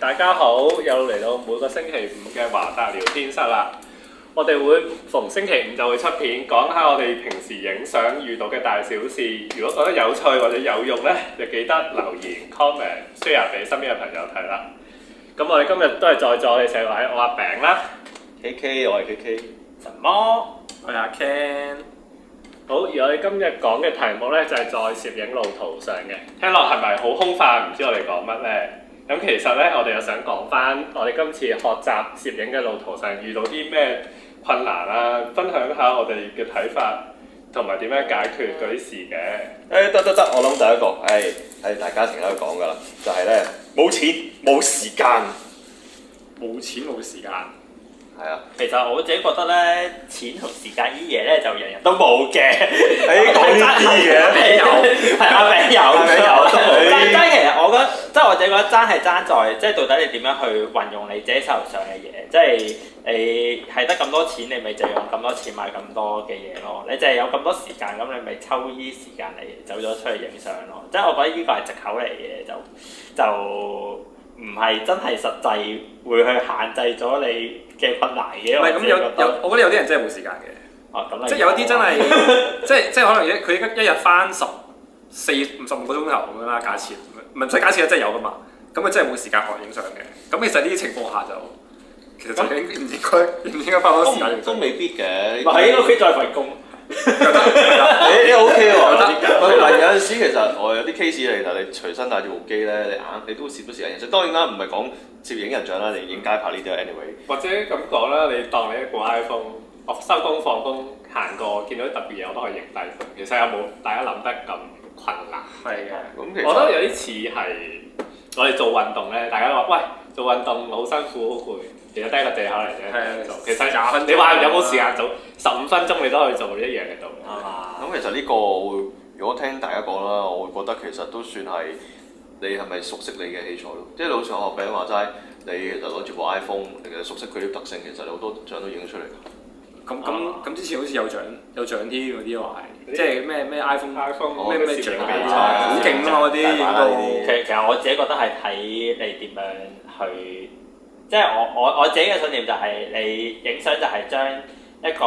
大家好，又嚟到每個星期五嘅華達聊天室啦。我哋會逢星期五就會出片，講下我哋平時影相遇到嘅大小事。如果覺得有趣或者有用呢，就記得留言 comment share 俾身邊嘅朋友睇、啊、啦。咁我哋今日都係在座嘅四位，我阿餅啦，K K，我係 K K，什麼？我係、啊、阿 Ken。好，而我哋今日講嘅題目呢，就係、是、在攝影路途上嘅。聽落係咪好空泛？唔知我哋講乜呢？咁其實咧，我哋又想講翻，我哋今次學習攝影嘅路途上遇到啲咩困難啊？分享下我哋嘅睇法同埋點樣解決嗰啲事嘅。誒、欸、得得得，我諗第一個，係、欸、係大家成日都講噶啦，就係咧，冇錢冇時間，冇錢冇時間。係啊，其實我自己覺得咧，錢同時間呢啲嘢咧就人人都冇嘅。你講呢啲嘅，阿炳、 啊 啊、有，係阿炳有，阿炳、啊、有。爭其實我覺得，即係我自己覺得爭係爭在，即係到底你點樣去運用你自己手上嘅嘢。即係你係得咁多錢，你咪就用咁多錢買咁多嘅嘢咯。你淨係有咁多時間，咁你咪抽呢時間嚟走咗出去影相咯。即係我覺得呢個係藉口嚟嘅，就就。就唔係真係實際會去限制咗你嘅困難嘅，有我覺得有啲人真係冇時間嘅。哦、啊，咁即係有啲真係， 即係即係可能佢依家一日返十四、十五個鐘頭咁樣啦。假設唔係，唔使假設啦，設真係有㗎嘛。咁啊真係冇時間學影相嘅。咁其實呢啲情況下就，其實就應唔應該唔、嗯、應該花多時間都都未必嘅。唔係喺屋企再份工。你 O K 喎，唔、okay、係 是 有陣時其實我有啲 case 咧，其實你隨身帶住部機咧，你行，你都會時不時影人像。當然啦，唔係講攝影人像啦，你影街拍呢啲，anyway。或者咁講啦，你當你一個 iPhone，我收工放工行過見到啲特別嘢，我都可以影低。其實有冇大家諗得咁困難。係啊的，咁其實我覺得有啲似係我哋做運動咧，大家都話喂，做運動好辛苦好攰，其實都係個借口嚟啫。的做其實分鐘你話有冇時間做十五分鐘、啊，分鐘，你都可以做一樣嘅動作。咁、啊、其實呢、呢個，如果聽大家講啦，我會覺得其實都算係你係咪熟悉你嘅器材咯？即係老似學嘅話齋，你其實攞住部 iPhone，你其實熟悉佢啲特性，其實好多相都影出嚟。咁咁咁之前好似有獎有獎啲嗰啲話係，些即係咩咩 iPhone 咩咩獎嗰啲，好勁咯嗰啲影到。啊、其實其實我自己覺得係睇你點樣去，即係我我我自己嘅信念就係你影相就係將一個誒、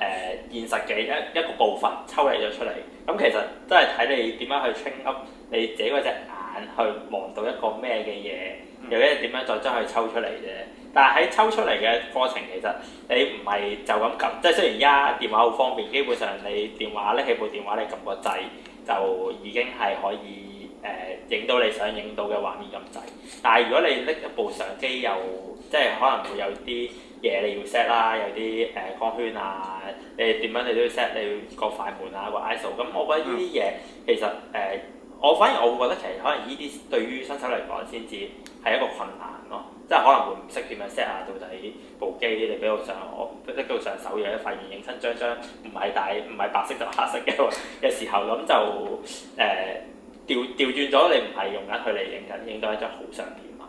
呃、現實嘅一一個部分抽離咗出嚟。咁其實都係睇你點樣去清吸你自己嗰隻眼去望到一個咩嘅嘢，又後咧點樣再將佢抽出嚟啫。但係喺抽出嚟嘅過程，其實你唔係就咁撳，即係雖然而家電話好方便，基本上你電話拎起部電話你撳個掣，就已經係可以誒影、呃、到你想影到嘅畫面咁滯。但係如果你拎一部相機，又即係可能會有啲嘢你要 set 啦，有啲誒、呃、光圈啊，誒點樣你都要 set，你要個快門啊，個 ISO。咁我覺得呢啲嘢其實誒、呃，我反而我會覺得其實可能呢啲對於新手嚟講先至係一個困難咯。即係可能會唔識點樣 set 啊？到底部機你俾我上，我即到上手嘢咧，發現影親張一張唔係大，唔係白色就黑色嘅時候，咁就誒、呃、調調轉咗，你唔係用緊佢嚟影緊，影到一張好相片嘛。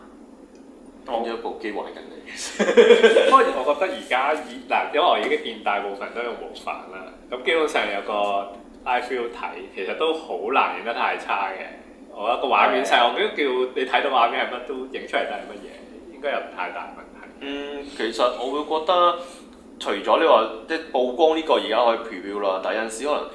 當咗部機壞緊你，嘅 為 我覺得而家以嗱，因為我已經見大部分都用模塊啦。咁基本上有個 i feel 睇，其實都好難影得太差嘅。我一個畫面細，的我得叫你睇到畫面係乜都影出嚟都係乜嘢。太大問題，嗯，其實我會覺得，除咗你話即曝光呢個而家可以 preview 啦，但有陣時可能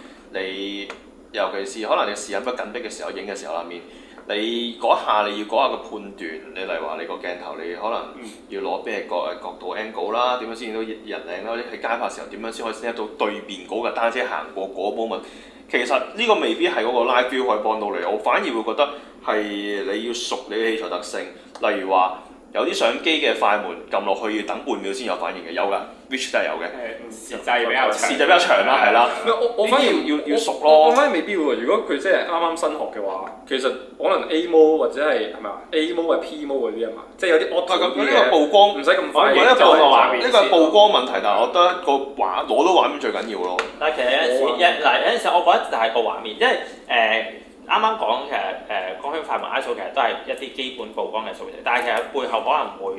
你，尤其是可能你時間不緊逼嘅時候影嘅時候下面，你嗰下你要嗰下嘅判斷，你例如話你個鏡頭你可能要攞咩角角度 angle 啦，點樣先見到人靚啦，或者喺街拍時候點樣先可以先得到對面嗰架單車行過嗰個 moment，其實呢個未必係嗰個 live view 可以幫到你，我反而會覺得係你要熟你嘅器材特性，例如話。有啲相機嘅快門撳落去要等半秒先有反應嘅，有噶，which 都係有嘅。時制比較長，時制比較長啦，係啦。我我反而要要熟咯。我反而未必喎，如果佢真係啱啱新學嘅話，其實可能 A m o 或者係，係咪啊 A 模啊 P 模嗰啲啊嘛，即係有啲我 l t 呢 r 曝光 t i v e 唔使咁快，呢個曝光呢個曝光問題，但係我覺得個畫攞到畫面最緊要咯。但係其實有陣時，嗱有陣時，我覺得就係個畫面，因係誒。啱啱講其實誒光、呃、圈快門 ISO 其實都係一啲基本曝光嘅數字，但係其實背後可能會誒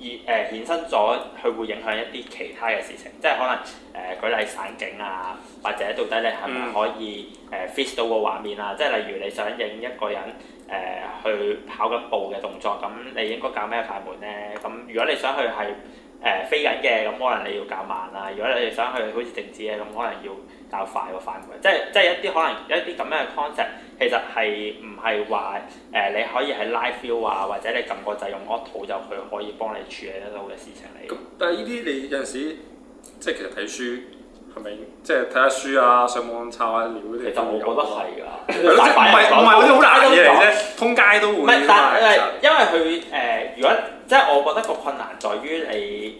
而誒衍生咗，佢、呃呃、會影響一啲其他嘅事情，即係可能誒、呃、舉例散景啊，或者到底你係咪可以誒 fix 到個畫面啊，即係例如你想影一個人誒去跑緊步嘅動作，咁你應該搞咩快門咧？咁如果你想去係。誒飛緊嘅，咁可能你要較慢啦。如果你哋想去好似靜止嘅，咁可能要較快個快門。即係即係一啲可能一啲咁樣嘅 concept，其實係唔係話誒你可以喺 live view 啊，或者你撳個掣用 auto 就佢可以幫你處理得到嘅事情嚟。咁但係呢啲你有時即係其實睇書係咪即係睇下書啊，上網抄啊，料嗰啲其實我覺得係㗎。唔係唔係嗰啲好難嘅嘢啫，通街都會，會。但係、呃、因為佢誒、呃，如果。即係我覺得個困難在於你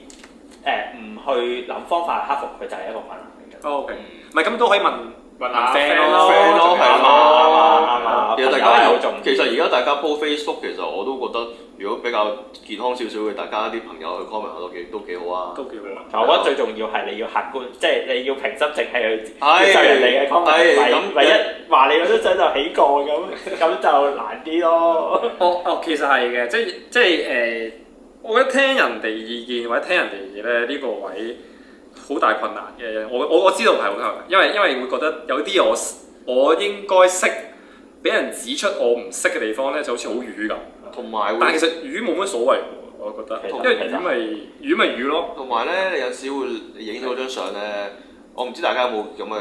誒唔去諗方法克服佢就係一個困難嚟嘅。OK。唔係咁都可以問問下 friend 咯，係嘛，係嘛？其實大家有，其實而家大家 po Facebook，其實我都覺得如果比較健康少少嘅，大家啲朋友去 comment 下都幾都幾好啊。都幾好。我覺得最重要係你要客觀，即係你要平心靜氣去接受人哋嘅 comment，咁唯一話你嗰啲就起槓咁，咁就難啲咯。哦哦，其實係嘅，即係即係誒。我覺得聽人哋意見或者聽人哋咧呢個位好大困難嘅，我我我知道唔係好困難，因為因為會覺得有啲我我應該識，俾人指出我唔識嘅地方咧，就好似好魚咁。同埋，但係其實魚冇乜所謂喎，我覺得，他因為魚咪魚咪魚咯。同埋咧，你有時會你影到張相咧。我唔知大家有冇咁嘅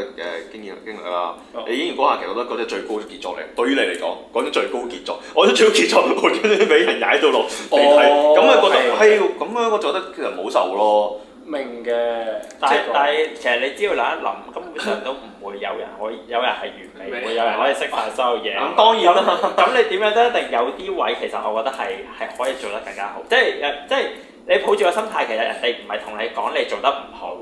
誒經驗經歷啦。經歷哦、你演完《孤寒期》，我都覺得最高傑作嚟。對於你嚟講，講咗最高傑作，我覺得最高傑作俾人踩到落地咁，啊覺得，嘿，咁樣我覺得其實唔好受咯。明嘅，但係但係，其實你只要諗一諗，根本上都唔會有人可以有人係完美，會有人可以識晒所有嘢。咁當然啦，咁你點樣都一定有啲位，其實我覺得係係、哦可，可，嗯嗯、可以做得更加好。即係即係你抱住個心態，其實人哋唔係同你講你做得唔好。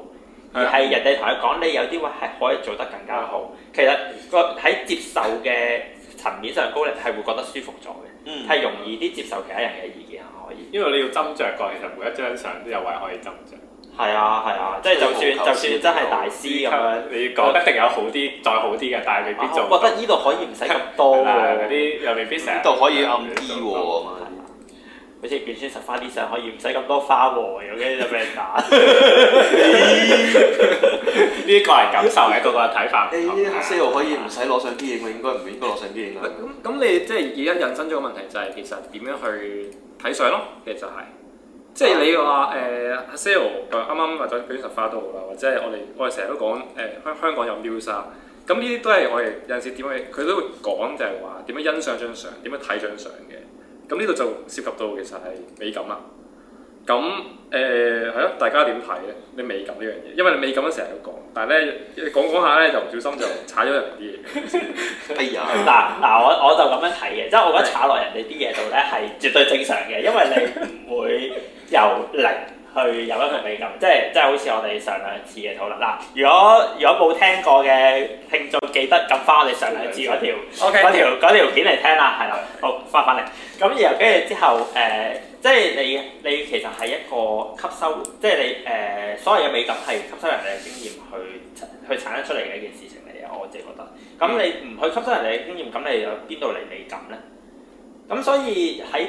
而係人哋同佢講，你有啲位係可以做得更加好。其實個喺接受嘅層面上，高啲，係會覺得舒服咗嘅。嗯，係容易啲接受其他人嘅意見可以。因為你要斟酌嘅，其實每一張相都有位可以斟酌。係啊係啊，即係就算就算真係大師咁樣，你講一定有好啲，再好啲嘅，但係未必做。覺得呢度可以唔使咁多喎。嗱啲又未必成。呢度可以暗啲喎好似變成石花啲相可以唔使咁多花和咁樣俾人打，呢 個係感受，係個個嘅睇法。阿 Sale 可以唔使攞上啲嘢，我應該唔應該攞上啲嘢。咁咁，你即係而家引申咗個問題就係其實點樣去睇相咯？其實係，即、就、係、係、你話誒，阿 Sale 啱啱或者變成石花都好啦，或者我哋我哋成日都講誒香、呃、香港有 new 沙，咁呢啲都係我哋有陣時點解佢都會講就係話點樣欣賞張相，點樣睇張相嘅。咁呢度就涉及到其實係美感啦。咁誒係咯，大家點睇咧？你美感呢樣嘢，因為你美感咧成日要講，但係咧講講下咧就唔小心就踩咗人啲嘢。 哎呀呦！嗱嗱， 我我就咁樣睇嘅，即係我覺得踩落人哋啲嘢度咧係絕對正常嘅，因為你唔會由零，去有一份美感，嗯、即係即係好似我哋上兩次嘅討論。嗱，如果如果冇聽過嘅聽眾記得撳翻我哋上兩次嗰、嗯、條嗰、嗯、條片嚟聽啦，係啦，好翻返嚟。咁然後跟住之後，誒、呃，即係你你其實係一個吸收，即係你誒、呃、所有嘅美感係吸收人哋嘅經驗去去產生出嚟嘅一件事情嚟嘅，我自己覺得。咁你唔去吸收人哋嘅經驗，咁你又邊度嚟美感咧？咁所以喺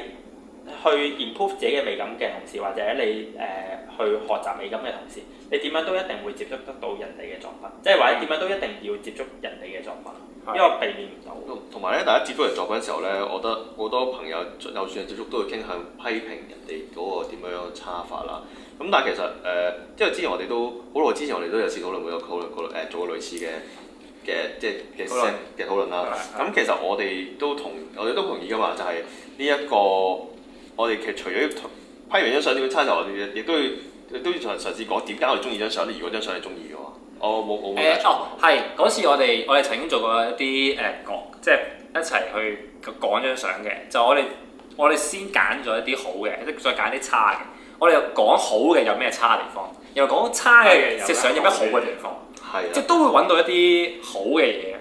去 improve 自己嘅美感嘅同時，或者你誒、呃、去學習美感嘅同時，你點樣都一定會接觸得到人哋嘅作品，即係或者點樣都一定要接觸人哋嘅作品，因為我避免唔到。同埋咧，大家接觸人作品嘅時候咧，我覺得好多朋友就算係接觸都會傾向批評人哋嗰個點樣差法啦。咁但係其實誒、呃，因為之前我哋都好耐之前，我哋都有試討論，會有討論過誒，做類似嘅嘅即係嘅嘅討論啦。咁其實我哋都同我哋都同意噶嘛，就係呢一個。就是這個我哋其實除咗批完張相點樣差頭我哋嘢，亦都要亦都要嘗嘗試講點解我哋中意張相。如果張相係中意嘅話，我冇冇。誒，哦，係嗰次我哋我哋曾經做過一啲誒講，即係一齊去講張相嘅。就我哋我哋先揀咗一啲好嘅，即再揀啲差嘅。我哋又講好嘅有咩差地方，又講差嘅即係相有咩好嘅地方，即都會揾到一啲好嘅嘢，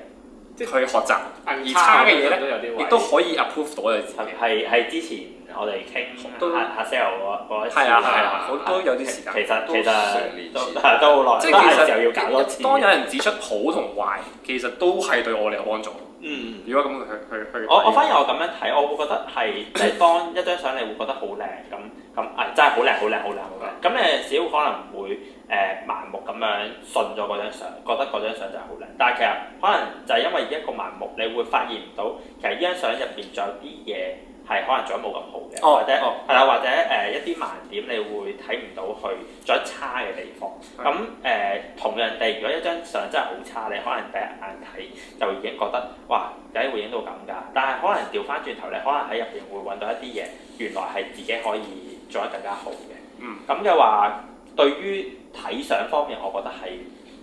即係去學習。而差嘅嘢咧，亦都可以 approve 到嘅。係係之前。我哋傾下阿 sale 個個，都有啲時間。其實其實都好耐，都係時候要搞多次。當有人指出好同壞，其實都係對我哋有幫助。嗯。如果咁去去去，我我反而我咁樣睇，我會覺得係即係當一張相，你會覺得好靚咁咁啊！真係好靚好靚好靚好靚。咁咧少可能會誒盲目咁樣信咗嗰張相，覺得嗰張相就係好靚。但係其實可能就係因為一個盲目，你會發現唔到其實呢張相入邊仲有啲嘢。係可能做得冇咁好嘅，oh, oh, oh. 或者係啊，或者誒一啲盲點，你會睇唔到去做得差嘅地方。咁誒 Yes.、呃、同樣地，如果一張相真係好差，你可能第一眼睇就已經覺得，哇點會影到咁㗎？但係可能調翻轉頭，你可能喺入邊會揾到一啲嘢，原來係自己可以做得更加好嘅。嗯，咁嘅話，對於睇相方面，我覺得係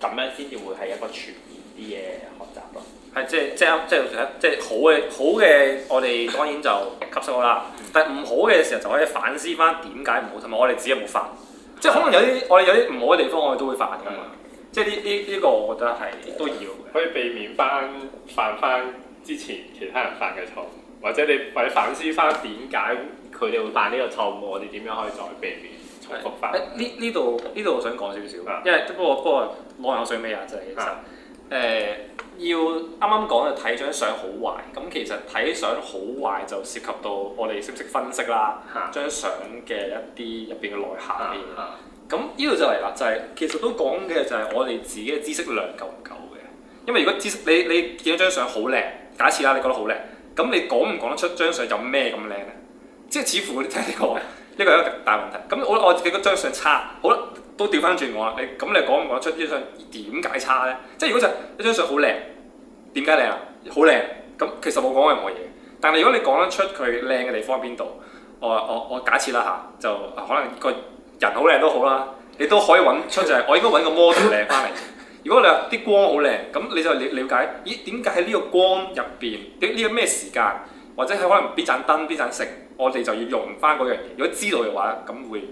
咁樣先至會係一個全面啲嘢。係即係即係即係即係好嘅好嘅，我哋當然就吸收啦。但係唔好嘅時候就可以反思翻點解唔好，同埋我哋自己有冇犯？即係可能有啲我哋有啲唔好嘅地方，我哋都會犯嘅嘛。對即係呢呢呢個，我覺得係都要嘅，可以避免翻犯翻之前其他人犯嘅錯誤，或者你或者反思翻點解佢哋會犯呢個錯誤，我哋點樣可以再避免重複犯？呢呢度呢度我想講少少，的因為不過不過，攞人口水尾啊，真係其實。的誒、呃、要啱啱講就睇張相好壞，咁其實睇相好壞就涉及到我哋識唔識分析啦，啊、張相嘅一啲入邊嘅內涵嘅咁呢度就嚟、是、啦，就係、是、其實都講嘅就係我哋自己嘅知識量夠唔夠嘅。因為如果知識你你見到張相好靚，假設啦你覺得好靚，咁你講唔講得出張相有咩咁靚咧？即係似乎就係呢個呢個一個大問題。咁我我自己覺得張相差，好啦。都調翻轉我啦，你咁你講唔講得出呢張相？點解差呢？即係如果就係呢張相好靚，點解靚啊？好靚，咁其實冇講任何嘢，但係如果你講得出佢靚嘅地方喺邊度，我我我假設啦嚇，就可能個人好靚都好啦，你都可以揾出就係我應該揾個 model 靚翻嚟。如果你話啲光好靚，咁你就了了解，咦？點解喺呢個光入邊？呢個咩時間，或者係可能邊盞燈、邊盞城，我哋就要用翻嗰樣嘢。如果知道嘅話，咁會。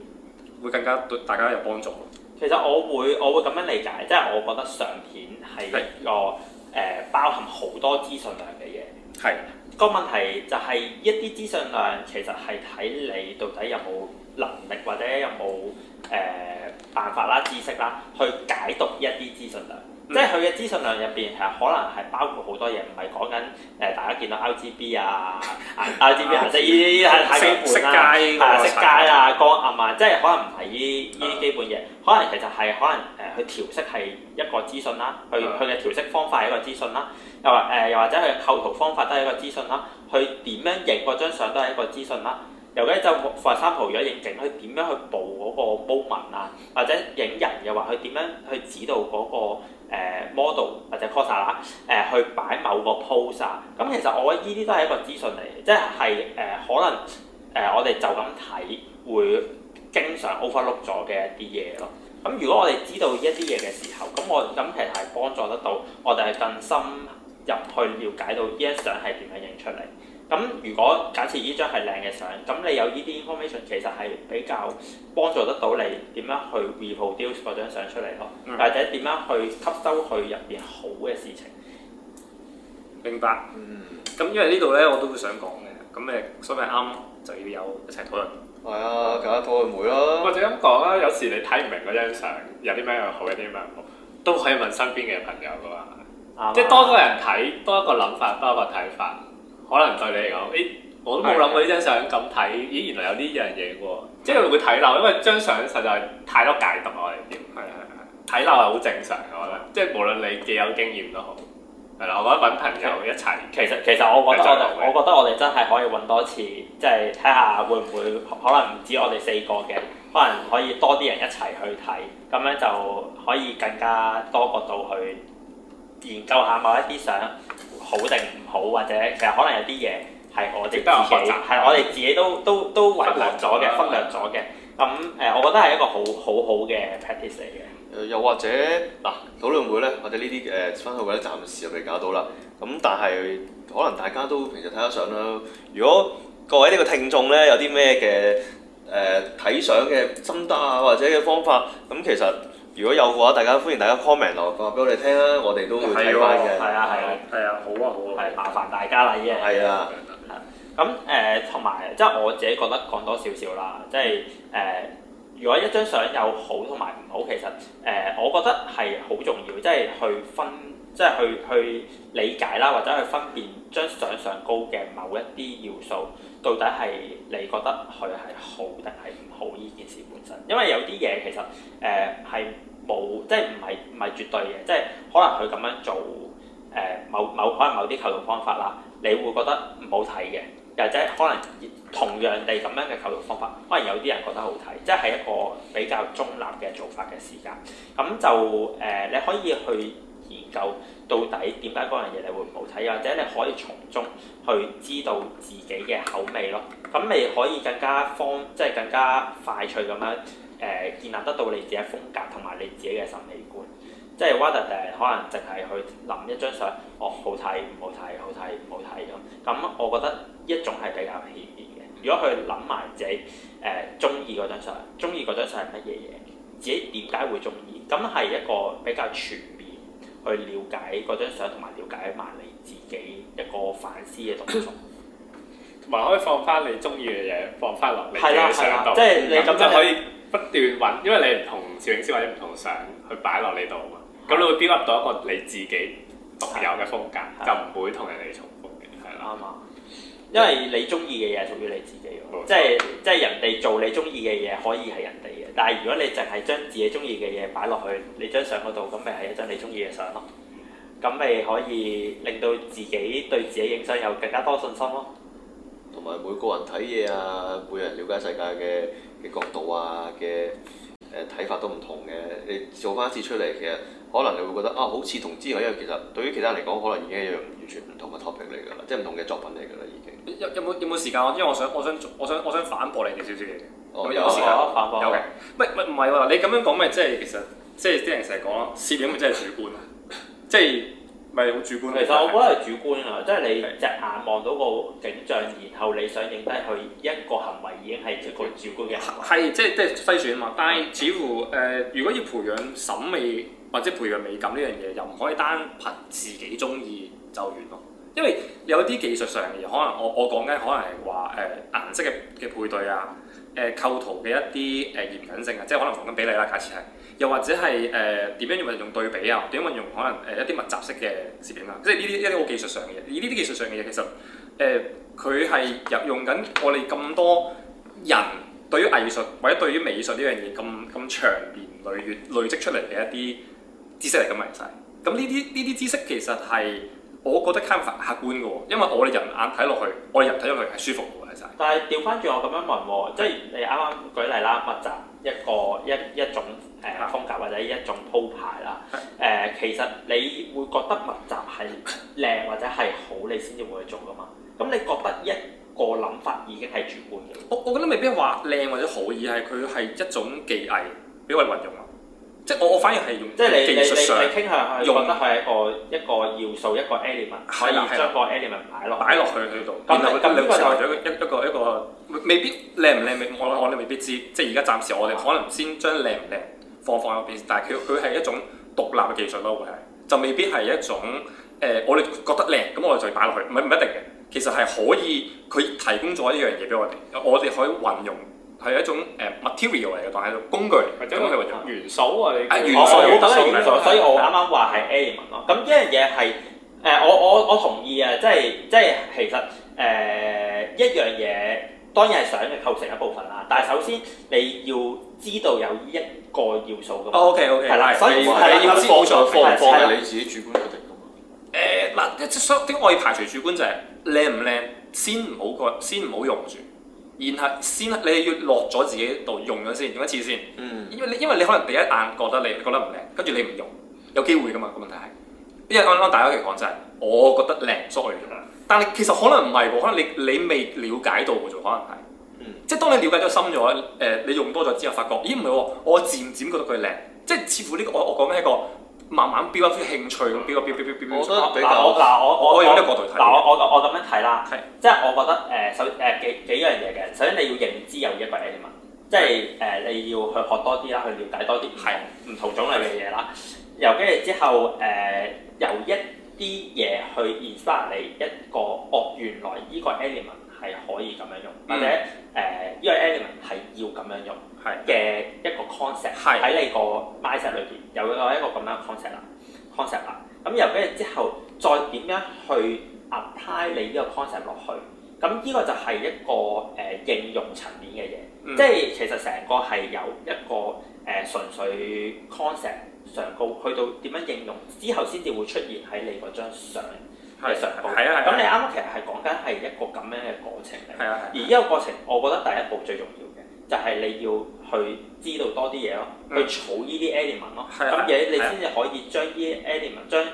會更加對大家有幫助。其實我會我會咁樣理解，即係我覺得相片係一個誒是、呃、包含好多資訊量嘅嘢。係是個問題就係、是、一啲資訊量其實係睇你到底有冇能力或者有冇誒、呃、辦法啦、知識啦，去解讀一啲資訊量。即係佢嘅資訊量入邊係可能係包括好多嘢，唔係講緊誒大家見到 RGB 啊、RGB R 啊，即係啲係太基本啦，係啊，色階啊、光暗啊，即係可能唔係呢啲基本嘢，可能其實係可能誒去調色係一個資訊啦、啊，去佢嘅調色方法係一個資訊啦、啊，又或誒、呃、又或者佢嘅構圖方法都係一個資訊啦、啊，佢點樣影嗰張相都係一個資訊啦、啊，又或者就佛山圖影景，佢點樣去捕嗰個 moment 啊，或者影人又話，佢點樣去指導嗰、那個。誒 model、呃、或者 course 啦，誒、呃、去擺某個 pose，咁其實我呢啲都係一個資訊嚟，即係誒、呃、可能誒、呃、我哋就咁睇會經常 overlook 咗嘅一啲嘢咯。咁、呃、如果我哋知道呢一啲嘢嘅時候，咁我咁其實係幫助得到我哋係更深入去了解到呢一相係點樣影出嚟。咁如果假設依張係靚嘅相，咁你有呢啲 information，其實係比較幫助得到你點樣去 reproduce 嗰張相出嚟咯。嗯、或者點樣去吸收佢入邊好嘅事情？明白。嗯。咁因為呢度咧我都會想講嘅，咁誒所以啱就要有一齊討論。係啊，大家討論會啦。或者咁講啦，有時你睇唔明嗰張相有啲咩好，有啲咩唔好，都可以問身邊嘅朋友噶嘛。啱、嗯。即多個人睇，多一個諗法，多一個睇法。可能對你嚟講，咦、欸，我都冇諗過呢張相咁睇，咦、欸，原來有呢樣嘢喎！即係會睇漏，因為張相實在太多解讀，我定點？係係係，睇漏係好正常，我覺得。即係無論你幾有經驗都好，係啦，我覺得揾朋友一齊，其實其實我覺得我，我覺得我哋真係可以揾多次，即係睇下會唔會可能唔止我哋四個嘅，可能可以多啲人一齊去睇，咁咧就可以更加多角度去研究下某一啲相。好定唔好，或者其實可能有啲嘢係我哋自己，係我哋自己都都都混淆咗嘅，忽略咗嘅。咁誒，我覺得係一個好好好嘅 practice 嚟嘅。誒，又或者嗱，討論會咧，我哋呢啲誒分享會咧，暫時未搞到啦。咁但係可能大家都平時睇得上啦。如果各位呢個聽眾咧有啲咩嘅誒睇相嘅心得啊，或者嘅方法，咁其實～如果有嘅話，大家歡迎大家 comment 落嚟話俾我哋聽啦。我哋都會睇翻嘅。係啊係啊係啊好啊好啊！係麻煩大家啦已經。係啊的。咁誒同埋即係我自己覺得講多少少啦，即係誒、呃、如果一張相有好同埋唔好，其實誒、呃、我覺得係好重要，即係去分即係去去理解啦，或者去分辨張相上高嘅某一啲要素。到底係你覺得佢係好定係唔好呢件事本身？因為有啲嘢其實誒係冇，即係唔係唔係絕對嘅，即係可能佢咁樣做誒、呃、某某可能某啲構圖方法啦，你會覺得唔好睇嘅，又或者可能同樣地咁樣嘅構圖方法，可能有啲人覺得好睇，即係一個比較中立嘅做法嘅時間。咁就誒、呃，你可以去研究。到底點解嗰樣嘢你會唔好睇，或者你可以從中去知道自己嘅口味咯，咁你可以更加方，即係更加快脆咁樣誒建立得到你自己風格同埋你自己嘅審美觀。即係 water 誒，可能淨係去諗一張相，哦，好睇唔好睇，好睇唔好睇咁。咁我覺得一種係比較片面嘅。如果佢諗埋自己誒中意嗰張相，中意嗰張相係乜嘢嘢，自己點解會中意，咁係一個比較全。去了解嗰張相，同埋了解埋你自己一個反思嘅動作，同埋可以放翻你中意嘅嘢，放翻落你嘅相度。係啦，即係你咁就可以不斷揾，因為你唔同攝影師或者唔同相去擺落你度啊嘛。咁的你會建立到一個你自己獨有嘅風格，的就唔會同人哋重複嘅，係啦。啱啊的，因為你中意嘅嘢屬於你自己，即係即係人哋做你中意嘅嘢，可以係人哋。但係如果你淨係將自己中意嘅嘢擺落去你張相嗰度，咁咪係一張你中意嘅相咯。咁咪可以令到自己對自己影相有更加多信心咯。同埋每個人睇嘢啊，每個人了解世界嘅嘅角度啊嘅誒睇法都唔同嘅。你做翻一次出嚟，其實可能你會覺得啊，好似同之前一樣。其實對於其他人嚟講，可能已經係一樣完全唔同嘅 topic 嚟㗎啦，即係唔同嘅作品嚟㗎啦已經。有有冇有冇時間？因為我想我想我想，我想，我想我想反駁你哋少少嘢。哦、有時間有，有嘅。唔咪唔咪唔係喎，你咁樣講咪即係其實，即係啲人成日講攝影咪真係主觀啊，即係咪好主觀，其實我覺得係主觀啊，即係你隻眼望到個景象，然後你想影低佢一個行為已經係佢個主觀嘅行為。係即即篩選啊嘛，但係似乎誒、呃，如果要培養審美或者培養美感呢樣嘢，又唔可以單憑自己鍾意就完咯。因為有啲技術上嘅嘢，可能我我講緊可能係話誒顏色嘅嘅配對啊。誒構圖嘅一啲誒嚴謹性啊，即係可能黃金比例啦，假設係，又或者係誒點樣運用對比啊，點樣運用可能誒一啲密集式嘅攝影啦，即係呢啲一啲好技術上嘅嘢。而呢啲技術上嘅嘢，其實誒佢係入用緊我哋咁多人對於藝術或者對於美術呢樣嘢咁咁長年累月累積出嚟嘅一啲知識嚟㗎嘛，晒、就、實、是。咁呢啲呢啲知識其實係。我覺得看法客觀嘅喎，因為我哋人眼睇落去，我哋人睇落去係舒服嘅喎，其實。但係調翻轉我咁樣問喎，即係你啱啱舉例啦，密集一個一一種誒、呃、風格或者一種鋪排啦，誒、呃、其實你會覺得密集係靚或者係好，你先至會去做噶嘛。咁你覺得一個諗法已經係主觀嘅。我我覺得未必話靚或者好，而係佢係一種技藝，俾我哋運用。即係我我反而係用，即係你你你你技術上傾下用得係一個一個要素一個 element，可以將個 element 擺落擺落去去度。咁咁你話咗一一個一個，一個，未必靚唔靚，我我哋未必知。即係而家暫時我哋可能先將靚唔靚放放入邊，但係佢佢係一種獨立嘅技術咯，會係就未必係一種誒、呃，我哋覺得靚咁我哋就擺落去，唔係唔一定嘅。其實係可以，佢提供咗一樣嘢俾我哋，我哋可以運用。係一種誒 material 嚟嘅，當係一個工具或者係為咗元素啊！元素咁樣元素，所以我啱啱話係 element 咯。咁呢樣嘢係誒，我我我同意啊！即係即係其實誒一樣嘢當然係想嘅構成一部分啦。但係首先你要知道有一個要素。O K O K 係啦。所以係要放再放放嘅，你自己主觀決定嘅。誒嗱，一啲我要排除主觀就係靚唔靚，先唔好過，先唔好用住。然後先你要落咗自己度用咗先，用一次先。嗯，因為你因為你可能第一眼覺得你，你覺得唔靚，跟住你唔用，有機會噶嘛。個問題係。因為啱啱大家其實講真，我覺得靚足嘅啫嘛。但係其實可能唔係喎，可能你你未了解到嘅啫，可能係。嗯，即係當你了解咗深咗，誒，你用多咗之後，發覺咦唔係喎，我漸漸覺得佢靚。即係似乎呢個我我講緊一個。慢慢標一啲興趣，咁個標標標標，我覺得嗱我嗱我我我用呢個角度睇，嗱我我我咁樣睇啦，即係我覺得誒首誒、呃、幾幾樣嘢嘅，首先你要認知有一個 element 即係誒、呃、你要去學多啲啦，去了解多啲，係唔是同種類嘅嘢啦，由跟住之後誒由一啲嘢去 instar 你一個哦原來呢個 element 係可以咁樣用，或者誒依、嗯呃呢個 element 係要咁樣用。嘅一個 concept 喺 你個 myset 裏邊有有一個咁樣嘅 concept 啦 concept 啦，咁由跟住之後再點樣去 apply 你呢個 concept 落去，咁呢個就係一個誒、呃、應用層面嘅嘢， 即係其實成個係由一個誒、呃、純粹 concept 上高，去到點樣應用之後先至會出現喺你嗰張相嘅上高。咁 你啱啱其實係講緊係一個咁樣嘅過程嚟，啊，而呢個過程我覺得第一步最重要。就係你要去知道多啲嘢咯，嗯、去儲呢啲 element 咯，咁嘢的你先至可以將啲 element，將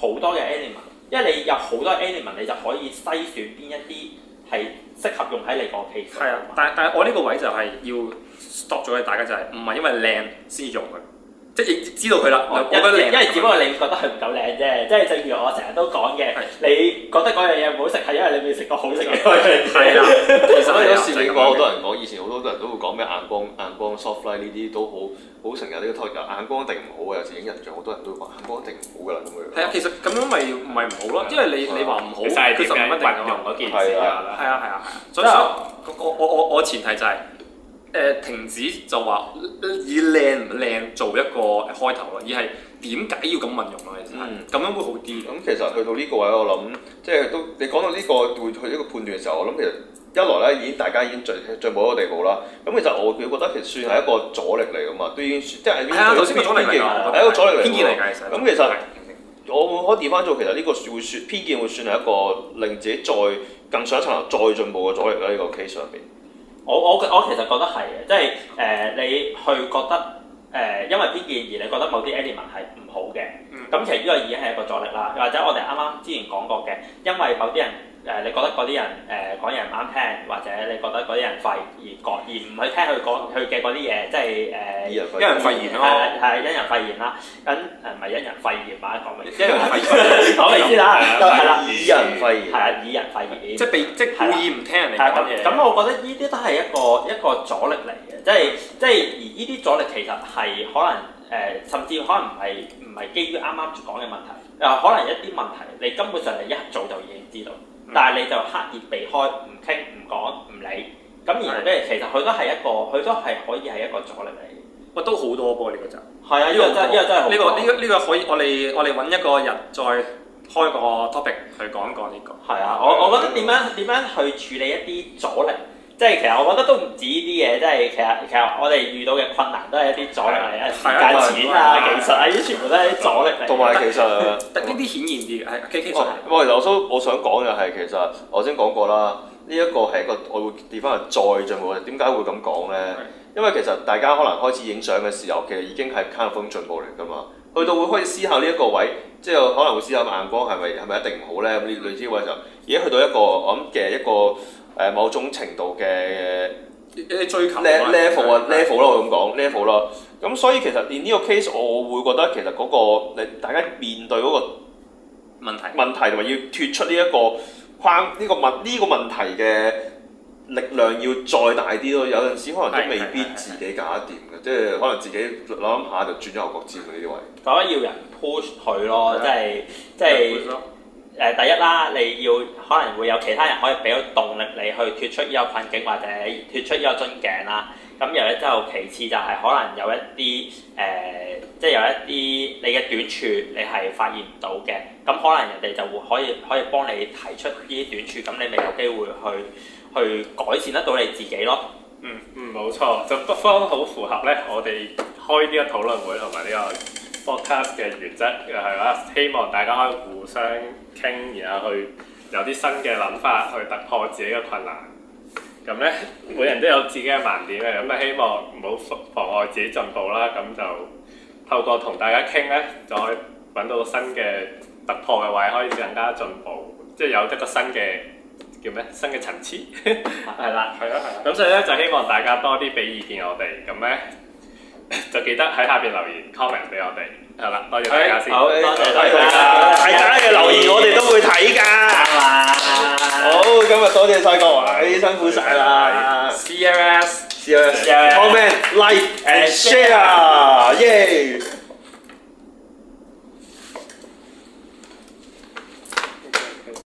好多嘅 element，的因為你有好多 element，你就可以篩選邊一啲係適合用喺你個 case，係啊，但係但係我呢個位就係要 stop 咗嘅，大家就係唔係因為靚先用佢。即係知道佢啦，因為只不過你覺得佢唔夠靚啫，即係正如我成日都講嘅，你覺得嗰樣嘢唔好食係因為你未食過好食嘅。係啊，其實喺攝影嘅話，好多人講，以前好多人都會講咩眼光、眼光、soft light 呢啲都好好成日呢個 topic。眼光一定唔好嘅，有時影人像，好多人都話眼光一定唔好㗎啦咁樣。係啊，其實咁樣咪唔係唔好咯，因為你你話唔好，其實唔一定嘅一件事啊。係啊係啊係啊。所以我我我我前提就係。誒、呃、停止就話、是、以靚唔靚，靚做一個開頭咯，而係點解要咁運用啊？其實咁樣會好啲、嗯。咁其實去到呢個位，我諗即係都你講到呢、這個對去一個判斷嘅時候，我諗其實一來咧已經大家已經進進步一個地步啦。咁其實我佢覺得其實算係一個阻力嚟㗎嘛，都已經即係邊、啊、個偏見，係一個阻力嚟嚟。咁其實我會可以調返做，其實呢個會算偏見會算係一個令自己再更上層樓再進步嘅阻力啦。呢、這個 case 上邊。我我我其實覺得係嘅，即係誒、呃、你去覺得誒、呃，因為啲建議你覺得某啲 element 係唔好嘅，咁、嗯、其實呢個已經係一個阻力啦。或者我哋啱啱之前講過嘅，因為某啲人。誒，你覺得嗰啲人誒、呃、講嘢唔啱聽，或者你覺得嗰啲人廢而講而唔去聽佢講佢嘅嗰啲嘢，即係誒，因人廢言咯，係因人廢言啦。咁誒唔係因人廢言，講乜嘢？因人廢言，講乜嘢啦？係啦，係啦、 嗯，以人廢言，係啊， 以人廢言，即係被即係故意唔聽人哋講嘢。咁我覺得呢啲都係一個一個阻力嚟嘅，即係即係而呢啲阻力其實係可能誒、呃，甚至可能唔係唔係基於啱啱講嘅問題，可能一啲問題你根本上你一早就已經知道。嗯，但係你就刻意避開，唔傾唔講唔理，咁而家咧其實佢都係一個，佢都係可以係一個阻力，力嚟。哇，都好多噃，呢個就係啊！呢個真係呢個呢個呢個呢個可以我，我哋我哋搵一個人再開個 topic 去講講呢個。係啊，我我覺得點樣點樣去處理一啲阻力？即係其實我覺得都唔止呢啲嘢，即係其實其實我哋遇到嘅困難都係一啲阻力啊，時間、錢啊、技術啊，呢啲全部都係阻力嚟。同埋其實，但呢啲顯現啲嘅，其實。我想講嘅係其實我先講過啦，呢、這、一個係一個我會跌翻去再進步嘅點解會咁講咧？是因為其實大家可能開始影相嘅時候，其實已經係卡爾豐進步嚟㗎嘛。去到會開始思考呢一個位，即係可能會思考，會思考眼光係咪係咪一定唔好咧？咁類似呢位就，而家去到一個我諗嘅一個。誒某種程度嘅一啲追求 level 啊對 level 啦，我咁講 level 咯。咁所以其實連呢個 case，我會覺得其實嗰、那個你大家面對嗰個問題問題同埋要脱出呢一個框，呢個問呢個問題嘅力量要再大啲咯。有陣時可能都未必自己搞得掂嘅，即係可能自己諗諗下就轉咗後腳尖嘅呢啲位。大家要人 push 佢咯，即係即係。誒第一啦，你要可能會有其他人可以俾到動力你去脱出呢個困境或者脱出呢個樽頸啦。咁然之後，其次就係、是、可能有一啲誒，即、呃、係、就是、有一啲你嘅短處，你係發現唔到嘅。咁可能人哋就會可以可以幫你提出呢啲短處，咁你咪有機會去去改善得到你自己咯。嗯嗯，冇、嗯、錯，就多方好符合咧。我哋開呢個討論會同埋呢個。Podcast 嘅原則又係啦，希望大家可以互相傾，然後去有啲新嘅諗法去突破自己嘅困難。咁咧，每人都有自己嘅盲點嘅，咁就希望唔好妨礙自己進步啦。咁就透過同大家傾咧，就可以揾到新嘅突破嘅位，可以更加進步，即係有一個新嘅叫咩？新嘅層次係啦，係 啊，係啊。咁所以咧，就希望大家多啲俾意見我哋。咁咧。就記得喺下邊留言 comment 俾我哋，係啦，多謝大家好先，多謝大家，多謝大家嘅留言，我哋都會睇㗎。好，今日多謝細個，唉辛苦晒啦，C R S，C R S，comment like and share，耶！Yeah.